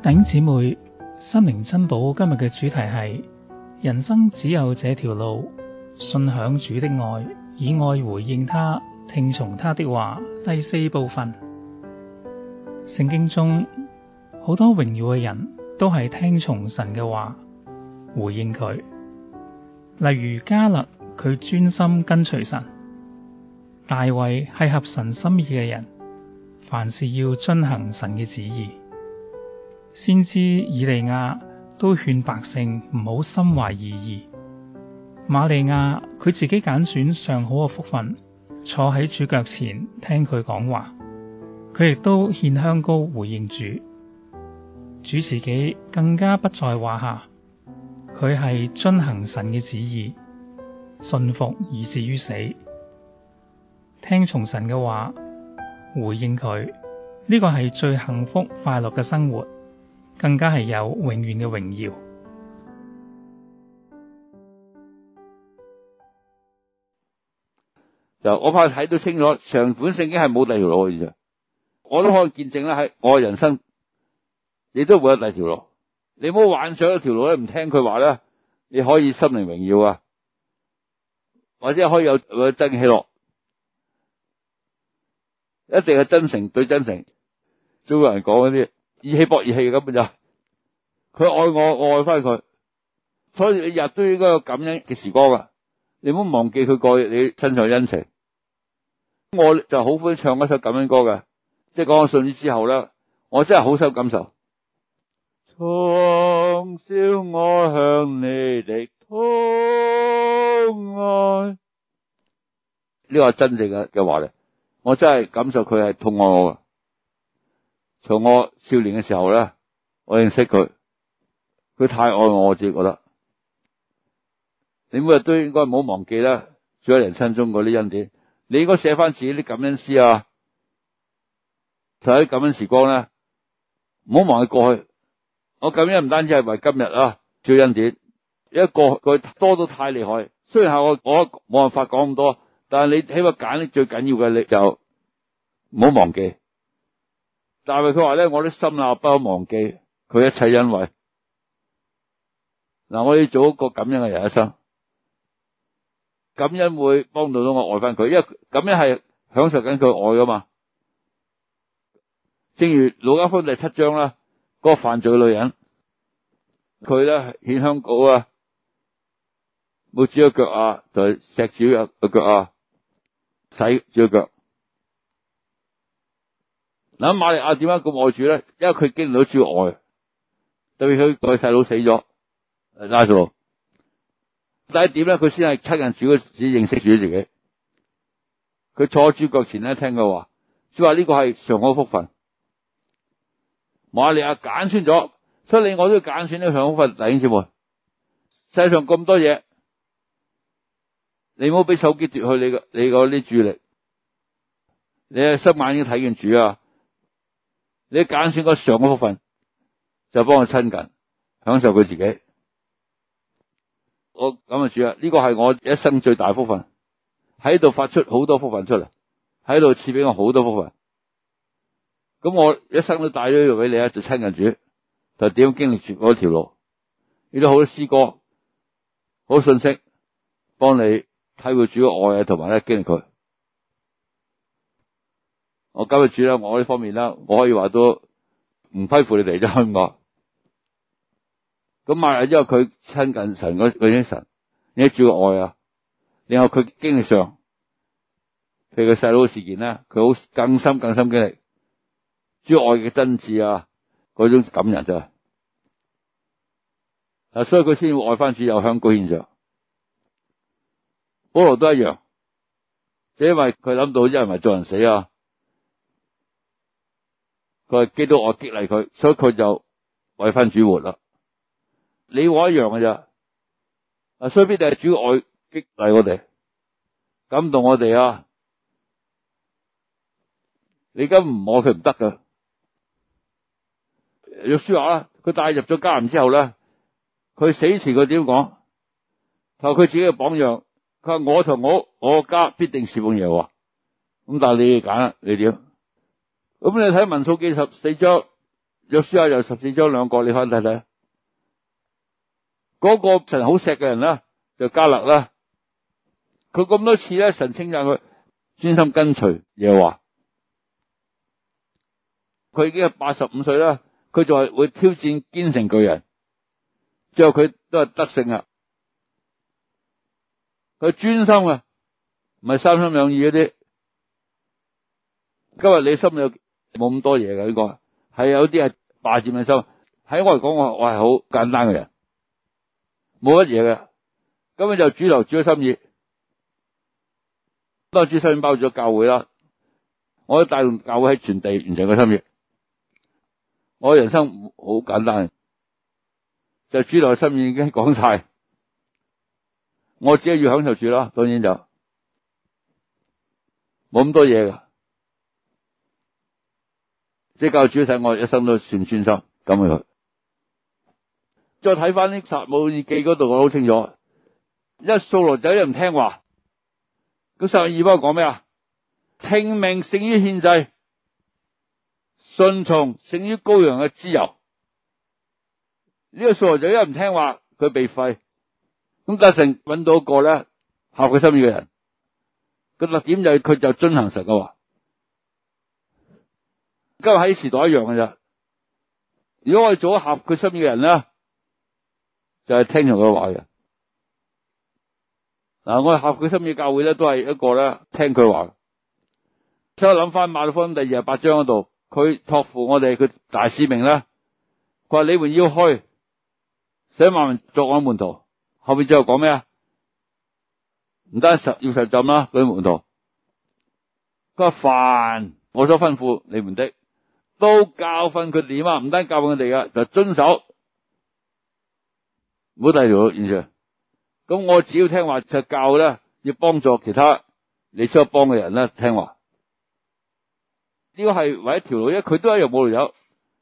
頂姊妹，心靈珍寶，今日嘅主題係人生只有這條路，信享主的愛，以愛回應他，聽從他的話。第四部分，聖經中好多榮耀嘅人都係聽從神嘅話，回應佢。例如迦勒，佢專心跟隨神；大衛係合神心意嘅人，凡事要遵行神嘅旨意。先知以利亞都勸百姓唔好心懷二意。馬利亞佢自己揀選上好嘅福分，坐喺主腳前聽佢講話。佢亦都獻香膏回應主。主自己更加不在話下，佢係遵行神嘅旨意，順服以至於死，聽從神嘅話回應佢。呢個係最幸福快樂嘅生活。更加係有永遠嘅榮耀。就我怕睇到清楚，上款聖經係冇第二條路嘅，我都可以見證啦。喺我人生，亦都冇第二條路。你唔好幻想一條路咧，唔聽佢話咧，你可以心靈榮耀啊，或者可以有真喜樂。一定係真誠對真誠，中國人講嗰啲。義氣博義氣咁樣咋？佢愛我，我愛翻佢，所以日日都應該有感恩嘅時光啊！你唔好忘記佢過你身上的恩情。我就好歡喜唱一首感恩歌嘅。即係講咗信之後咧，我真係好有感受。從小我向你哋痛愛，呢個係真正嘅嘅話咧，我真係感受佢係痛愛我噶。同我少年嘅時候咧，我認識佢，佢太愛我，我自己覺得。你每日都應該唔好忘記啦，住喺人生中嗰啲恩典，你應該寫返自己啲感恩詩啊，就喺感恩時光咧、啊，唔好忘記過去。我感恩唔單止係為今日啊，做恩典，因為過去，過去多到太厲害。雖然下我我冇辦法講咁多，但係你起碼揀啲最緊要嘅，你就唔好忘記。但係佢話咧，我啲心啊，不可忘記佢一切恩惠。嗱，我要做一個感恩嘅人一生，感恩會幫到到我愛返佢，因為感恩係享受緊佢愛噶嘛。正如《路加福音》第七章啦，嗰個犯罪女人，佢咧獻香膏啊，冇煮個腳啊，就係錫住個腳啊，洗住個腳。嗱，馬利亞點解咁愛主咧？因為佢經歷到主愛，特別佢個細佬死咗，拉撒路。但係點咧？佢先係七人主嗰時認識主自己。佢坐主腳前咧，聽佢話，主話呢個係上好的福分。馬利亞揀選咗，所以你我都揀選呢上好份。弟兄姊妹，世界上咁多嘢，你唔好俾手機奪去你個你嗰啲注意力。你喺失萬已經睇見主啊！你揀選個上好福分，就幫我親近，享受佢自己。我咁啊，主啊，呢個係我一生最大福分，喺度發出好多福分出嚟，喺度賜俾我好多福分。咁我一生都帶咗呢個俾你啊，就親近主，就點經歷住嗰條路，你都好多詩歌、好多信息，幫你體會主嘅愛啊，同埋咧經歷佢。我今日主咧，我呢方面啦，我可以話都唔批負你哋香港。咁、嗯、啊，那因為佢親近神嗰嗰啲神，你啲主愛啊。然後佢經歷上，譬如個細佬事件咧，佢好更深更深經歷主愛嘅真摯啊，嗰種感人真啊，所以佢先會愛翻主有香膏獻上。保羅都一樣，就因為佢諗到，因為做人死啊。佢係基督愛激勵佢，所以佢就為翻主活啦。你我一樣嘅啫，所以必定係主愛激勵我哋，感動我哋啊！你而家唔愛佢唔得噶。約書亞啦，佢帶入咗迦南之後咧，佢死前佢點講？佢話佢自己嘅榜樣，佢話我同我我家必定事奉耶和華。咁但係你哋揀啦，你點？咁你睇《民數記》十四章，約書亞又十四章兩個，你翻睇睇。嗰、嗰個神好錫嘅人啦，就加勒啦，佢咁多次咧，神稱讚佢專心跟隨又話，佢已經係八十五歲啦，佢仲係會挑戰堅城巨人，最後佢都係得勝啊，佢專心啊，唔係三心兩意嗰啲，今日你心有？冇咁多嘢嘅，呢個係有啲係霸占嘅心。喺我嚟講，我我係好簡單嘅人，冇乜嘢嘅。咁樣就主流主嘅心意，都係主心包住咗教會啦。我帶動教會喺全地完成個心意。我人生好簡單，就主流的心意已經講晒。我只係要享受住啦，當然就冇咁多嘢噶。即教主使，我一生都算專心咁佢。再睇翻呢撒母耳記嗰度，我好清楚，一掃羅仔一唔聽話，個撒母耳波講咩啊？聽命勝於獻祭，順從勝於羔羊嘅脂油」這。呢個掃羅仔一唔聽話，佢被廢。咁得成揾到一個咧合佢心意嘅人，個特點就係佢就遵行神嘅話。今日喺時代一樣嘅啫。如果我哋做咗合佢心意嘅人咧，就係、是、聽從佢話嘅。嗱，我哋合佢心意嘅教會咧，都係一個咧聽佢話的。所以我諗翻馬可福音第二十八章嗰度，佢托付我哋佢大使命咧，佢話你們要開，使萬民作我的門徒。後邊最後講咩啊？唔得，實要實浸啦，佢啲門徒。佢話凡我所吩咐你們的。都教訓佢哋啊，唔單教訓佢哋噶，就是、遵守，唔好第二條路。然咁我只要聽話就教咧，要幫助其他你需要幫嘅人咧聽話。呢個係唯一條路，因為佢都係一冇路走。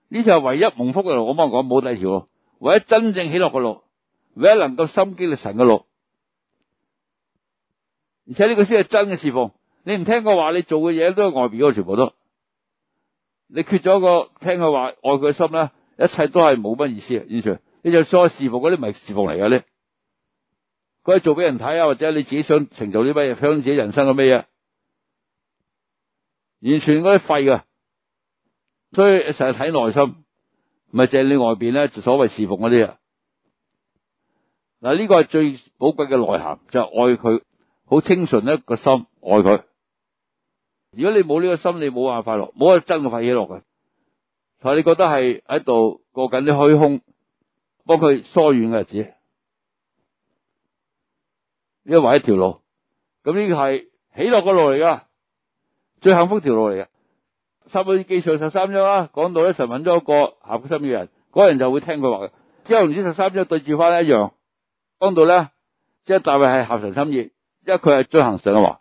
呢條係唯一蒙福嘅路。我幫佢講，冇第二條路，唯一真正起落嘅路，唯一能夠心機嘅神嘅路。而且呢個先係真嘅事奉。你唔聽我話，你做嘅嘢都係外邊嗰個全部都你缺咗個聽佢話愛佢嘅心咧，一切都係冇乜意思啊！完全，你就所謂侍奉嗰啲，唔係侍奉嚟嘅咧，佢係做俾人睇啊，或者你自己想成就啲乜嘢，想自己人生嘅乜嘢，完全嗰啲廢噶。所以成日睇內心，唔係淨係你外邊咧，所謂侍奉嗰啲啊。嗱，呢個係最寶貴嘅內涵，就係愛佢，好清純一個心，愛佢。如果你冇呢個心理，你冇辦法落，冇一個真嘅快起落嘅。但係你覺得係喺度過緊啲虛空，幫佢疏遠嘅日子，呢個還一條路。咁呢個係喜樂嘅路嚟噶，最幸福條路嚟噶。撒母耳記上十三章啊，講到咧神揾咗一個合佢心意嘅人，嗰人就會聽佢話嘅。之後使徒十三章對住翻一樣，講到咧，即係大衛係合神心意，因為佢係遵行神嘅話。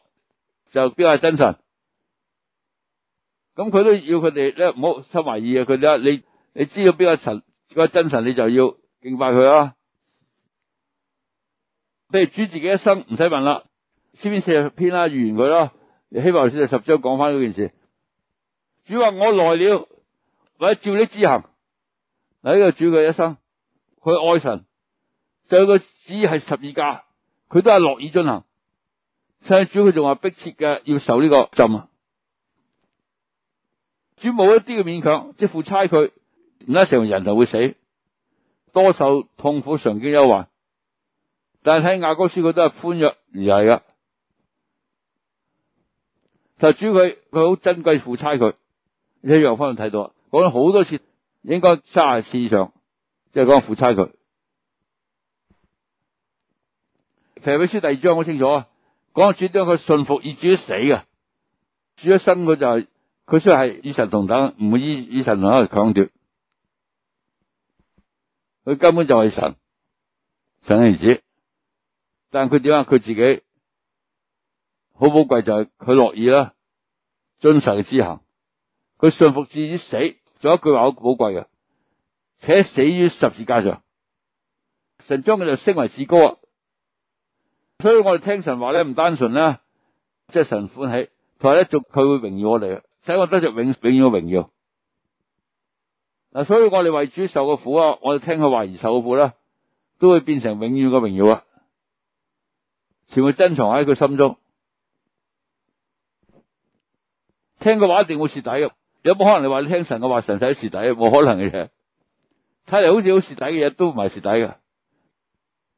就邊個係真神？咁佢都要佢哋咧，唔好失懷疑啊！佢咧，你你知道邊個神，個真神，你就要敬拜佢啦。譬如主自己一生唔使問啦，詩篇四十篇啦，預言佢啦。希伯來書十章講翻嗰件事，主話我來了，或者照你之行。嗱呢個主佢一生，佢愛神，就個旨係十字架，佢都係樂意進行。上主佢仲話迫切嘅要受呢個浸啊，主冇一啲嘅勉強，即係負差佢，而家成為人就會死，多受痛苦、常經憂患。但係睇亞哥書佢都係寬約而係噶，就主佢佢好珍貴負差佢，一樣方面睇到啊，講咗好多次，應該三十次以上，即係講負差佢。腓立比書第二章好清楚啊。講主都係佢信服，以至於死嘅，主一生佢就係佢雖係與神同等，唔會以與神同等去搶奪，佢根本就係神，神嘅兒子。但係佢點解？佢自己好寶貴就係佢樂意啦，遵神之行，佢信服至於死。仲有一句話好寶貴嘅，且死於十字架上，神將佢就升為至高啊！所以我哋聽神話咧，唔單純啦，即係神歡喜，同埋咧，佢會榮耀我哋，使我得着永永遠嘅榮耀。嗱，所以我哋為主受嘅苦啊，我哋聽佢話而受嘅苦咧，都會變成永遠嘅榮耀啊！全會珍藏喺佢心中。聽嘅話一定會蝕底嘅，有冇可能你話你聽神嘅話，神使蝕底？冇可能嘅嘢。睇嚟好似好蝕底嘅嘢都唔係蝕底嘅。